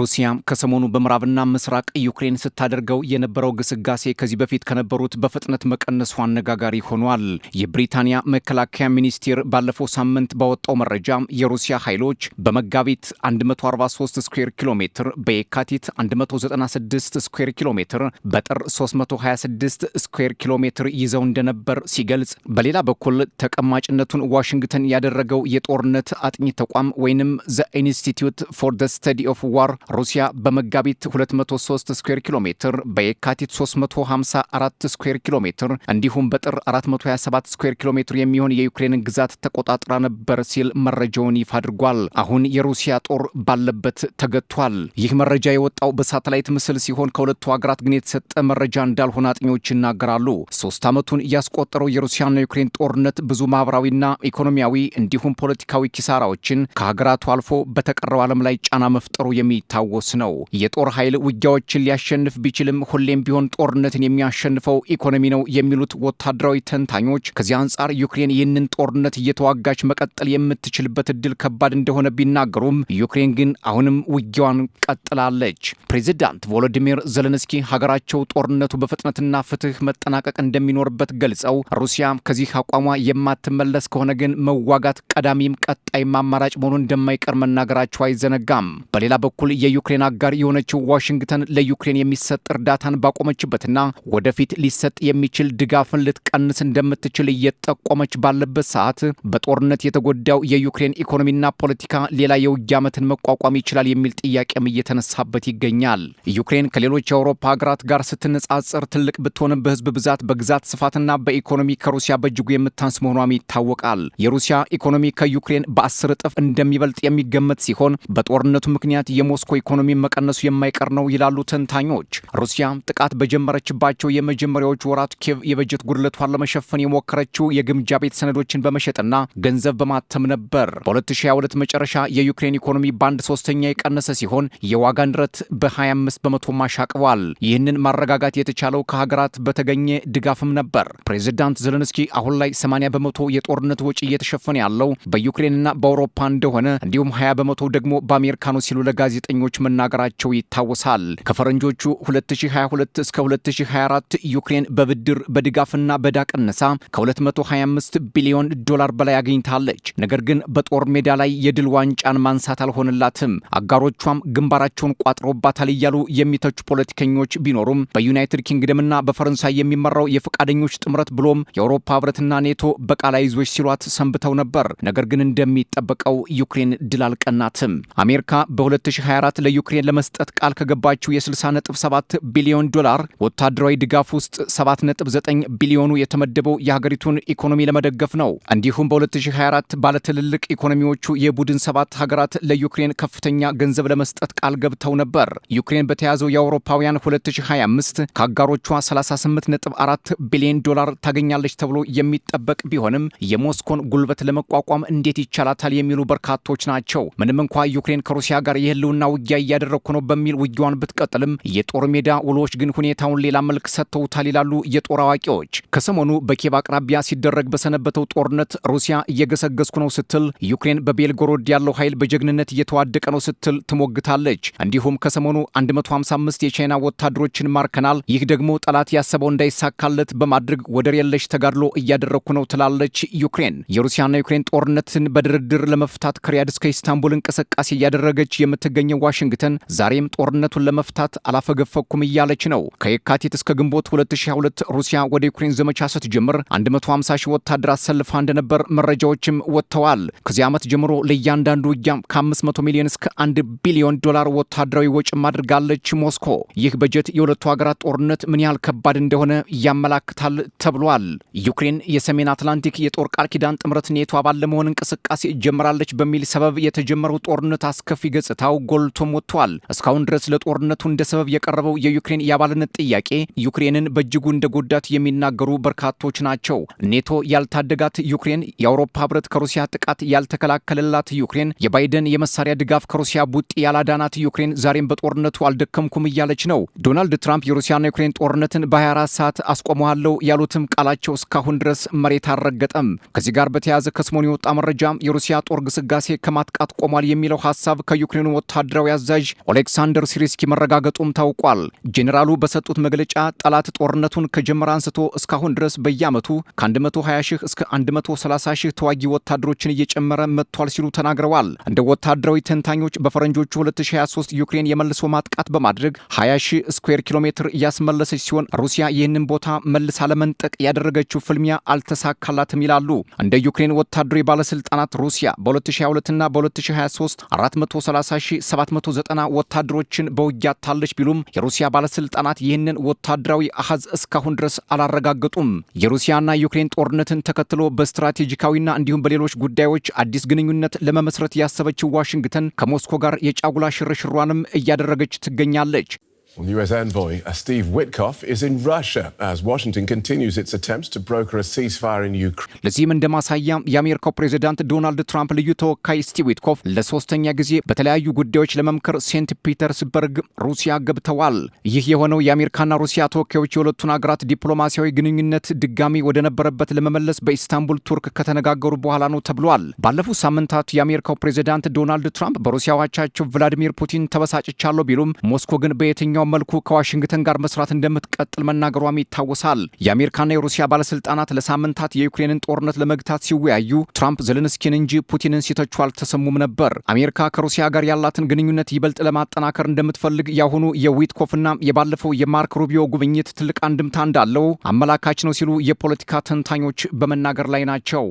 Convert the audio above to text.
ሩሲያ ከሰሞኑ በምዕራብና ምስራቅ ዩክሬን ስታደርገው የነበረው ግስጋሴ ከዚህ በፊት ከነበሩት በፍጥነት መቀነሱ አነጋጋሪ ሆኗል። የብሪታንያ መከላከያ ሚኒስቴር ባለፈው ሳምንት ባወጣው መረጃ የሩሲያ ኃይሎች በመጋቢት 143 ስኩዌር ኪሎ ሜትር፣ በየካቲት 196 ስኩዌር ኪሎ ሜትር፣ በጥር 326 ስኩዌር ኪሎ ሜትር ይዘው እንደነበር ሲገልጽ፣ በሌላ በኩል ተቀማጭነቱን ዋሽንግተን ያደረገው የጦርነት አጥኚ ተቋም ወይንም ዘ ኢንስቲትዩት ፎር ደ ስተዲ ኦፍ ዋር ሩሲያ በመጋቢት 203 ስኩዌር ኪሎ ሜትር በየካቲት 354 ስኩዌር ኪሎ ሜትር እንዲሁም በጥር 427 ስኩዌር ኪሎ ሜትር የሚሆን የዩክሬንን ግዛት ተቆጣጥራ ነበር ሲል መረጃውን ይፋ አድርጓል። አሁን የሩሲያ ጦር ባለበት ተገቷል። ይህ መረጃ የወጣው በሳተላይት ምስል ሲሆን ከሁለቱ ሀገራት ግን የተሰጠ መረጃ እንዳልሆነ አጥኚዎች ይናገራሉ። ሶስት ዓመቱን እያስቆጠረው የሩሲያና ዩክሬን ጦርነት ብዙ ማህበራዊና ኢኮኖሚያዊ እንዲሁም ፖለቲካዊ ኪሳራዎችን ከሀገራቱ አልፎ በተቀረው ዓለም ላይ ጫና መፍጠሩ የሚታ የሚታወስ ነው። የጦር ኃይል ውጊያዎችን ሊያሸንፍ ቢችልም ሁሌም ቢሆን ጦርነትን የሚያሸንፈው ኢኮኖሚ ነው የሚሉት ወታደራዊ ተንታኞች፣ ከዚህ አንጻር ዩክሬን ይህንን ጦርነት እየተዋጋች መቀጠል የምትችልበት እድል ከባድ እንደሆነ ቢናገሩም ዩክሬን ግን አሁንም ውጊያዋን ቀጥላለች። ፕሬዚዳንት ቮሎዲሚር ዘለንስኪ ሀገራቸው ጦርነቱ በፍጥነትና ፍትህ መጠናቀቅ እንደሚኖርበት ገልጸው ሩሲያ ከዚህ አቋሟ የማትመለስ ከሆነ ግን መዋጋት ቀዳሚም ቀጣይም አማራጭ መሆኑን እንደማይቀር መናገራቸው አይዘነጋም። በሌላ በኩል የዩክሬን አጋር የሆነችው ዋሽንግተን ለዩክሬን የሚሰጥ እርዳታን ባቆመችበትና ወደፊት ሊሰጥ የሚችል ድጋፍን ልትቀንስ እንደምትችል እየጠቆመች ባለበት ሰዓት በጦርነት የተጎዳው የዩክሬን ኢኮኖሚና ፖለቲካ ሌላ የውጊያ ዓመትን መቋቋም ይችላል የሚል ጥያቄም እየተነሳበት ይገኛል። ዩክሬን ከሌሎች የአውሮፓ ሀገራት ጋር ስትነጻጽር ትልቅ ብትሆንም በህዝብ ብዛት፣ በግዛት ስፋትና በኢኮኖሚ ከሩሲያ በእጅጉ የምታንስ መሆኗም ይታወቃል። የሩሲያ ኢኮኖሚ ከዩክሬን በአስር እጥፍ እንደሚበልጥ የሚገመት ሲሆን በጦርነቱ ምክንያት የሞስኮ ኢኮኖሚ መቀነሱ የማይቀር ነው ይላሉ ተንታኞች። ሩሲያ ጥቃት በጀመረችባቸው የመጀመሪያዎቹ ወራት ኬቭ የበጀት ጉድለቷን ለመሸፈን የሞከረችው የግምጃ ቤት ሰነዶችን በመሸጥና ገንዘብ በማተም ነበር። በ2022 መጨረሻ የዩክሬን ኢኮኖሚ በአንድ ሶስተኛ የቀነሰ ሲሆን የዋጋ ንረት በ25 በመቶ ማሻቅቧል። ይህንን ማረጋጋት የተቻለው ከሀገራት በተገኘ ድጋፍም ነበር። ፕሬዚዳንት ዘለንስኪ አሁን ላይ 80 በመቶ የጦርነት ወጪ እየተሸፈነ ያለው በዩክሬንና በአውሮፓ እንደሆነ እንዲሁም 20 በመቶ ደግሞ በአሜሪካ ነው ሲሉ ለጋዜጠኞች ተንታኞች መናገራቸው ይታወሳል። ከፈረንጆቹ 2022 እስከ 2024 ዩክሬን በብድር በድጋፍና በዕዳ ቅነሳ ከ225 ቢሊዮን ዶላር በላይ አግኝታለች። ነገር ግን በጦር ሜዳ ላይ የድል ዋንጫን ማንሳት አልሆንላትም። አጋሮቿም ግንባራቸውን ቋጥሮባታል እያሉ የሚተቹ ፖለቲከኞች ቢኖሩም በዩናይትድ ኪንግደምና በፈረንሳይ የሚመራው የፈቃደኞች ጥምረት ብሎም የአውሮፓ ህብረትና ኔቶ በቃላ ይዞች ሲሏት ሰንብተው ነበር። ነገር ግን እንደሚጠበቀው ዩክሬን ድል አልቀናትም። አሜሪካ በ2024 ሀገራት ለዩክሬን ለመስጠት ቃል ከገባችው የ60.7 ቢሊዮን ዶላር ወታደራዊ ድጋፍ ውስጥ 7.9 ቢሊዮኑ የተመደበው የሀገሪቱን ኢኮኖሚ ለመደገፍ ነው። እንዲሁም በ2024 ባለትልልቅ ኢኮኖሚዎቹ የቡድን ሰባት ሀገራት ለዩክሬን ከፍተኛ ገንዘብ ለመስጠት ቃል ገብተው ነበር። ዩክሬን በተያዘው የአውሮፓውያን 2025 ከአጋሮቿ 38.4 ቢሊዮን ዶላር ታገኛለች ተብሎ የሚጠበቅ ቢሆንም የሞስኮን ጉልበት ለመቋቋም እንዴት ይቻላታል የሚሉ በርካቶች ናቸው። ምንም እንኳ ዩክሬን ከሩሲያ ጋር የህልውና ውጊ ውጊያ እያደረግኩ ነው በሚል ውጊያዋን ብትቀጥልም የጦር ሜዳ ውሎዎች ግን ሁኔታውን ሌላ መልክ ሰጥተውታል ይላሉ የጦር አዋቂዎች። ከሰሞኑ በኬቭ አቅራቢያ ሲደረግ በሰነበተው ጦርነት ሩሲያ እየገሰገስኩ ነው ስትል፣ ዩክሬን በቤልጎሮድ ያለው ኃይል በጀግንነት እየተዋደቀ ነው ስትል ትሞግታለች። እንዲሁም ከሰሞኑ 155 የቻይና ወታደሮችን ማርከናል፣ ይህ ደግሞ ጠላት ያሰበው እንዳይሳካለት በማድረግ ወደር የለሽ ተጋድሎ እያደረግኩ ነው ትላለች ዩክሬን። የሩሲያና ዩክሬን ጦርነትን በድርድር ለመፍታት ከሪያድ እስከ ኢስታንቡል እንቅስቃሴ እያደረገች የምትገኘው ዋሽንግተን ዛሬም ጦርነቱን ለመፍታት አላፈገፈኩም እያለች ነው። ከየካቲት እስከ ግንቦት 2022 ሩሲያ ወደ ዩክሬን ዘመቻ ስትጀምር 150 ሺህ ወታደር አሰልፋ እንደነበር መረጃዎችም ወጥተዋል። ከዚህ ዓመት ጀምሮ ለእያንዳንዱ ውጊያም ከ500 ሚሊዮን እስከ 1 ቢሊዮን ዶላር ወታደራዊ ወጪም አድርጋለች ሞስኮ። ይህ በጀት የሁለቱ ሀገራት ጦርነት ምን ያህል ከባድ እንደሆነ ያመላክታል ተብሏል። ዩክሬን የሰሜን አትላንቲክ የጦር ቃል ኪዳን ጥምረት ኔቶ አባል ለመሆን እንቅስቃሴ ጀምራለች በሚል ሰበብ የተጀመረው ጦርነት አስከፊ ገጽታው ጎልቶ ጎልቶም ወጥቷል። እስካሁን ድረስ ለጦርነቱ እንደ ሰበብ የቀረበው የዩክሬን የአባልነት ጥያቄ ዩክሬንን በእጅጉ እንደጎዳት የሚናገሩ በርካቶች ናቸው። ኔቶ ያልታደጋት ዩክሬን፣ የአውሮፓ ህብረት ከሩሲያ ጥቃት ያልተከላከለላት ዩክሬን፣ የባይደን የመሳሪያ ድጋፍ ከሩሲያ ቡጢ ያላዳናት ዩክሬን ዛሬም በጦርነቱ አልደከምኩም እያለች ነው። ዶናልድ ትራምፕ የሩሲያና ዩክሬን ጦርነትን በ24 ሰዓት አስቆመዋለሁ ያሉትም ቃላቸው እስካሁን ድረስ መሬት አልረገጠም። ከዚህ ጋር በተያያዘ ከሰሞኑ የወጣ መረጃም የሩሲያ ጦር ግስጋሴ ከማጥቃት ቆሟል የሚለው ሀሳብ ከዩክሬኑ ወታደራዊ ወታደራዊ አዛዥ ኦሌክሳንደር ሲሪስኪ መረጋገጡም ታውቋል። ጄኔራሉ በሰጡት መግለጫ ጠላት ጦርነቱን ከጀመረ አንስቶ እስካሁን ድረስ በየዓመቱ ከ120 ሺህ እስከ 130 ሺህ ተዋጊ ወታደሮችን እየጨመረ መጥቷል ሲሉ ተናግረዋል። እንደ ወታደራዊ ተንታኞች በፈረንጆቹ 2023 ዩክሬን የመልሶ ማጥቃት በማድረግ 20 ሺህ ስኩዌር ኪሎ ሜትር እያስመለሰች ሲሆን ሩሲያ ይህንን ቦታ መልሳ ለመንጠቅ ያደረገችው ፍልሚያ አልተሳካላትም ይላሉ። እንደ ዩክሬን ወታደራዊ ባለስልጣናት ሩሲያ በ2022ና በ2023 290 ወታደሮችን በውጊያ አታለች ቢሉም የሩሲያ ባለስልጣናት ይህንን ወታደራዊ አሀዝ እስካሁን ድረስ አላረጋገጡም። የሩሲያና ዩክሬን ጦርነትን ተከትሎ በስትራቴጂካዊና እንዲሁም በሌሎች ጉዳዮች አዲስ ግንኙነት ለመመስረት ያሰበችው ዋሽንግተን ከሞስኮ ጋር የጫጉላ ሽርሽሯንም እያደረገች ትገኛለች። Well, U.S. envoy uh, Steve Witkoff is in Russia as Washington continues its attempts to broker a ceasefire in Ukraine. ለዚህም እንደ ማሳያ የአሜሪካው ፕሬዚዳንት ዶናልድ ትራምፕ ልዩ ተወካይ ስቲቭ ዊትኮፍ ለሶስተኛ ጊዜ በተለያዩ ጉዳዮች ለመምከር ሴንት ፒተርስበርግ ሩሲያ ገብተዋል። ይህ የሆነው የአሜሪካና ሩሲያ ተወካዮች የሁለቱን አገራት ዲፕሎማሲያዊ ግንኙነት ድጋሚ ወደ ነበረበት ለመመለስ በኢስታንቡል ቱርክ ከተነጋገሩ በኋላ ነው ተብሏል። ባለፉት ሳምንታት የአሜሪካው ፕሬዚዳንት ዶናልድ ትራምፕ በሩሲያ አቻቸው ቭላዲሚር ፑቲን ተበሳጭቻለሁ ቢሉም ሞስኮ ግን በየትኛው በየትኛውም መልኩ ከዋሽንግተን ጋር መስራት እንደምትቀጥል መናገሯም ይታወሳል። የአሜሪካና የሩሲያ ባለስልጣናት ለሳምንታት የዩክሬንን ጦርነት ለመግታት ሲወያዩ ትራምፕ ዘለንስኪን እንጂ ፑቲንን ሲተቹ አልተሰሙም ነበር። አሜሪካ ከሩሲያ ጋር ያላትን ግንኙነት ይበልጥ ለማጠናከር እንደምትፈልግ ያሁኑ የዊትኮፍና የባለፈው የማርክ ሩቢዮ ጉብኝት ትልቅ አንድምታ እንዳለው አመላካች ነው ሲሉ የፖለቲካ ተንታኞች በመናገር ላይ ናቸው።